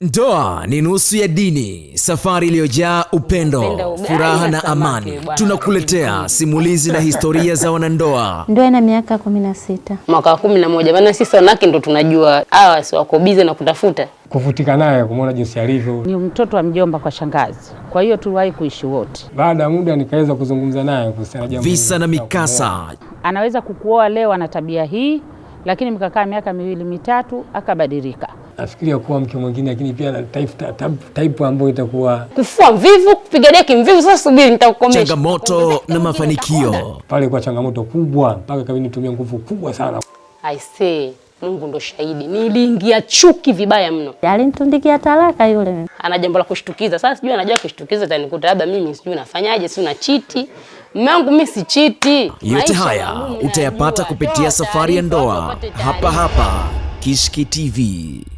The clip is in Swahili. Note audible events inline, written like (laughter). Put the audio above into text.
Ndoa ni nusu ya dini, safari iliyojaa upendo, furaha na amani. Tunakuletea simulizi na historia za wanandoa. (laughs) Ndoa ina miaka kumi na sita mwaka wa kumi na moja maana sisi wanawake ndo tunajua hawa si wako bize na kutafuta kuvutika naye kumwona jinsi alivyo. Ni mtoto wa mjomba kwa shangazi, kwa hiyo tuliwahi kuishi wote. Baada ya muda nikaweza kuzungumza naye kuhusiana jambo visa na mikasa. Anaweza kukuoa leo ana tabia hii, lakini mkakaa miaka miwili mitatu akabadilika nafikiria kuwa mke mwingine, lakini pia na type ambayo itakuwa kufua mvivu, kupiga deki mvivu. Sasa subiri, nitakukomesha. Changamoto na mafanikio pale, kwa changamoto kubwa mpaka kabidi nitumia nguvu kubwa sana. I see Mungu ndo shahidi, niliingia chuki vibaya mno. Alinitundikia talaka yule. Ana jambo la kushtukiza. Sasa sijui anajua kushtukiza tanikuta, labda mimi sijui nafanyaje, si unachiti mume wangu, mimi si chiti. Yote haya utayapata kupitia safari ya ndoa hapa hapa Kishki TV.